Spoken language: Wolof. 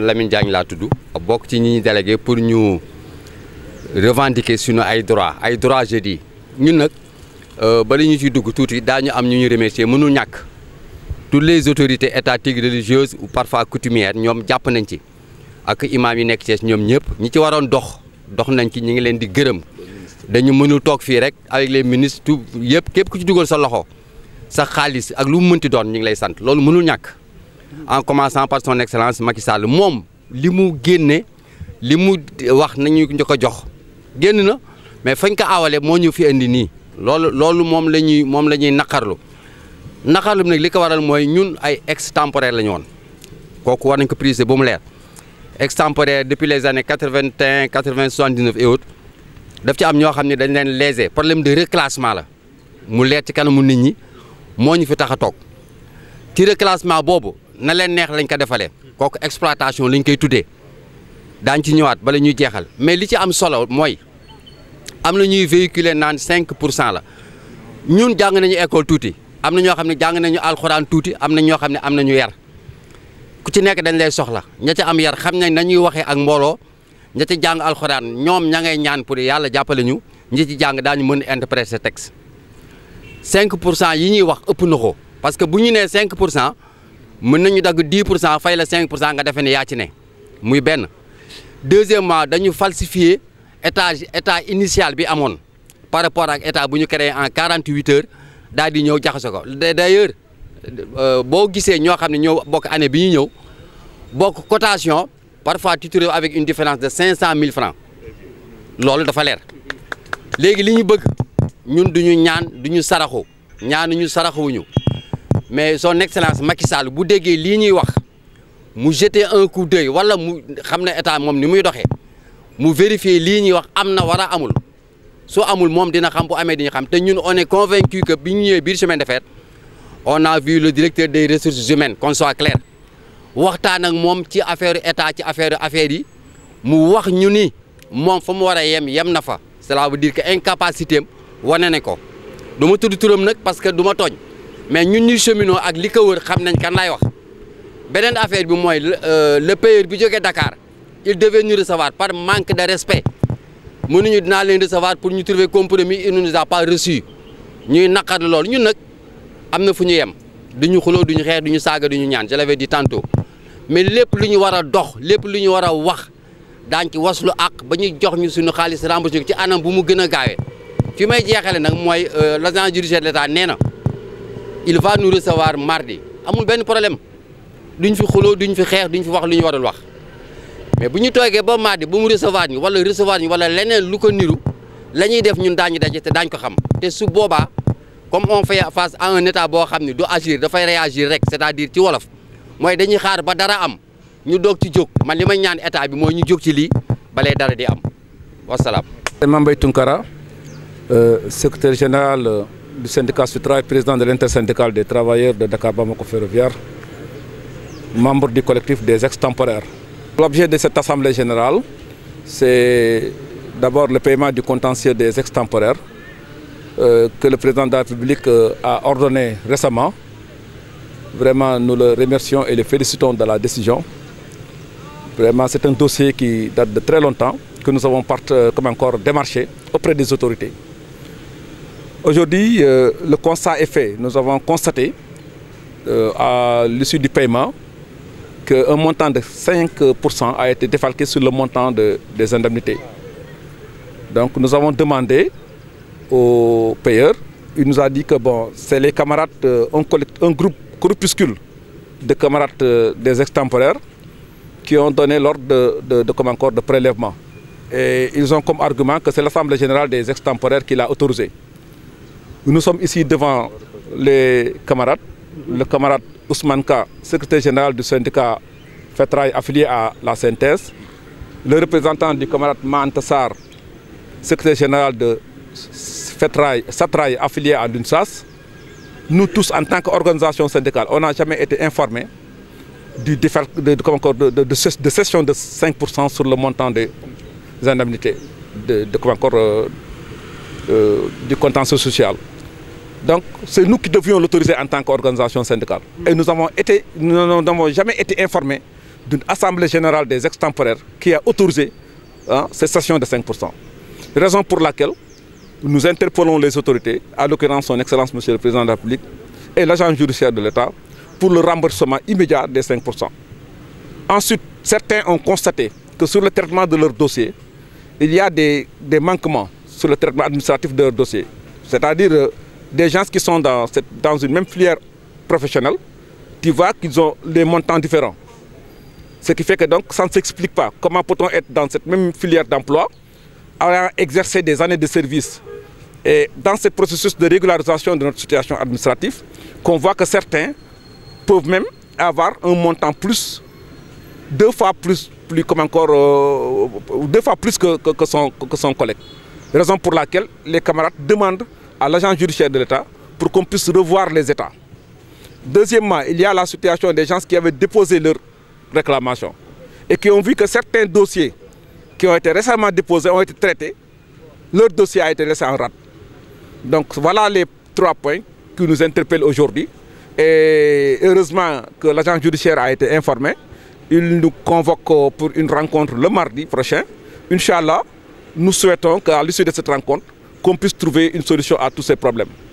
Lamine Diagne laa tuddu bokk ci ñi ñu délégué pour ñu revendiquer sunu ay droit ay droit je dis ñun nag euh, bala ñu ci dugg tuuti daañu am ñu ñu remercier mënul ñàkk toutes les autorités étatiques religieuses ou parfois coutumières ñoom jàpp nañ ci ak imaam yi nekk Thiès ñoom ñëpp ñi ci waroon dox dox nañ ci ñi ngi leen di gërëm dañu mënul toog fii rek avec les ministre tout yëpp képp ku ci dugal sa loxo sa xaalis ak lu mu mënti doon ñu ngi lay sant loolu mënul ñàkk en commençant par son excellence Macky Sall moom li mu génne li mu wax nañu njëkk a jox génn na mais fañ ko awale moo ñu fi indi nii loolu loolu moom la ñuy moom la ñuy naqarlu naqarlu bi nag li ko waral mooy ñun ay extemporaire la ñu woon kooku war nañ ko priser ba mu leer extemporaire depuis les années quatre-vingt-un quatre-vingt soixante-dix-neuf et autres ci am ñoo xam ne dañ leen léser problème de reclassement la mu leer ci kanamu nit ñi moo ñu fi tax a toog ci reclassement boobu na leen neex lañ ko defalee kooku exploitation lañ koy tuddee daañ ci ñëwaat bala ñuy jeexal mais li ci am solo mooy am na ñuy véhiculer naan cinq pour cent la ñun jàng nañu école tuuti am na ñoo xam ne jàng nañu alxuraan tuuti am na ñoo xam ne am nañu yar ku ci nekk dañ lay soxla ña ca am yar xam nañ nañuy waxee ak mbooloo ña jàng alxuraan ñoom ña ngay ñaan pour yàlla jàppale ñu ñi ci jàng daañu mën sa texte cinq pour cent yi ñuy wax ëpp na ko parce bu ñu nee cinq pour cent mën nañu dagg 10 pour cent fay la 5 pour cent nga defee ne yaa ci ne muy benn deuxièmement dañu falsifier état état initial bi amoon par rapport ak état bu ñu créé en 48 heures daal di ñëw jaxase ko d'ailleurs euh, boo gisee ñoo xam ne ñoo bokk année bi ñu ñëw bokk cotation parfois titré avec une différence de 500 francs loolu dafa leer léegi li ñu bëgg ñun duñu ñaan du ñu saraxu ñaanuñu saraxuwuñu mais son excellence Macky Sall bu déggee lii ñuy wax mu jeter un coup d'œil wala mu xam na état moom ni muy doxee mu vérifier lii ñuy wax am na war a amul soo amul moom dina xam bu amee di ñu xam te ñun on est convaincu que bi ñu ñëwee biir chemin de fer on a vu le directeur des ressources humaines qu'on soit waxtaan ak moom ci affaire état ci affaire affaire yi mu wax ñu ni moom fa mu war a yem yem na fa cela veut dire que incapacité wane ne ko du tudd turam nag parce que du ma tooñ mais ñun ñuy cheminot ak li ko wër xam nañ kan lay wax beneen affaire bi mooy le euh, payeur bi jógee dakaar il devait nous recevoir par manque de respect mënuñu dinaa leen recevoir pour ñu trouver compromis il ne nous a pas reçu ñuy naqar loolu ñun nag am na fu ñu yem du ñu xuloo du ñu xeex du ñu saaga du ñu ñaan je l'avais dit tantôt mais lépp lu ñu war a dox lépp lu ñu war a wax daañ ci was lu àq ba ñu jox ñu suñu xaalis rembourse ñu ci anam bu mu gën a gaawee fi may jeexale nag mooy euh, l'agent judiciaire de l'État nee na il va nous recevoir mardi amul benn problème ñu fi xuloo duñ fi xeex duñ fi wax lu ñu warul wax mais bu ñu toogee ba mardi ba mu recevoir ñu wala recevoir ñu wala leneen lu ko niru lañuy def ñun daañu daje te daañ ko xam te su boobaa comme on fait face à un état boo xam ne du agir dafay réagir rek c'est-à-dire ci wolof mooy dañuy xaar ba dara am ñu doog ci jóg man li may ñaan état bi mooy ñu jóg ci lii balee dara di am wasalaam. Mame Mbaye Tounkara euh, secrétaire général. Euh, du syndicat SUTRA et président de l'intersyndicale des travailleurs de Dakar Bamako Ferroviaire, membre du collectif des extemporaires. L'objet de cette assemblée générale, c'est d'abord le paiement du contentieux des extemporaires euh, que le président de la République euh, a ordonné récemment. Vraiment, nous le remercions et le félicitons de la décision. Vraiment, c'est un dossier qui date de très longtemps, que nous avons part, euh, comme encore démarché auprès des autorités. Aujourd'hui, euh, le constat est fait. Nous avons constaté, euh, à l'issue du paiement, qu'un montant de 5% a été défalqué sur le montant de, des indemnités. Donc nous avons demandé au payeur, il nous a dit que bon, c'est les camarades, euh, un, un, groupe corpuscule de camarades euh, des extemporaires qui ont donné l'ordre de, de, de, comme encore, de prélèvement. Et ils ont comme argument que c'est l'Assemblée générale des extemporaires qui l'a autorisé. Nous sommes ici devant les camarades, le camarade Ousmane Ka, secrétaire général du syndicat FETRAI affilié à la synthèse, le représentant du camarade Mantassar, secrétaire général de FETRAI, SATRAI affilié à l'UNSAS. nu tous, en tant qu'organisation syndicale, on n'a jamais été informés du de, de, de, de, cession de 5% sur le montant des indemnités de, de, euh, Euh, du contentieux social. Donc, c'est nous qui devions l'autoriser en tant qu'organisation syndicale. Et nous n'avons jamais été informés d'une assemblée générale des extemporaires qui a autorisé hein, ces stations de 5%. Raison pour laquelle nous interpellons les autorités, à l'occurrence son Excellence Monsieur le Président de la République et l'agent judiciaire de l'État, pour le remboursement immédiat des 5%. Ensuite, certains ont constaté que sur le traitement de leur des, des manquements sur le traitement administratif de leur dossier. C'est-à-dire euh, des gens qui sont dans, cette, dans une même filière professionnelle, qu'ils ont des montants différents. Ce qui fait que donc ça ne s'explique pas. Comment peut-on être dans cette même filière d'emploi, ayant exercé des années de service Et dans ce processus de régularisation de notre situation administrative, qu'on voit que certains peuvent même avoir un montant plus, deux fois plus, plus comme encore, euh, deux plus que, que, que son, que son Raison pour laquelle les camarades demandent à l'agence judiciaire de l'État pour qu'on puisse revoir les États. Deuxièmement, il y a la situation des gens qui avaient déposé leurs réclamations et qui ont vu que certains dossiers qui ont été récemment déposés ont été traités. Leur dossier a été laissé Donc voilà les trois points qui nous interpellent aujourd'hui. Et heureusement que l'agent judiciaire a été informé. Il nous convoque pour une rencontre le mardi prochain. Nous souhaitons qu'à l'issue de cette rencontre, qu'on puisse trouver une solution à tous ces problèmes.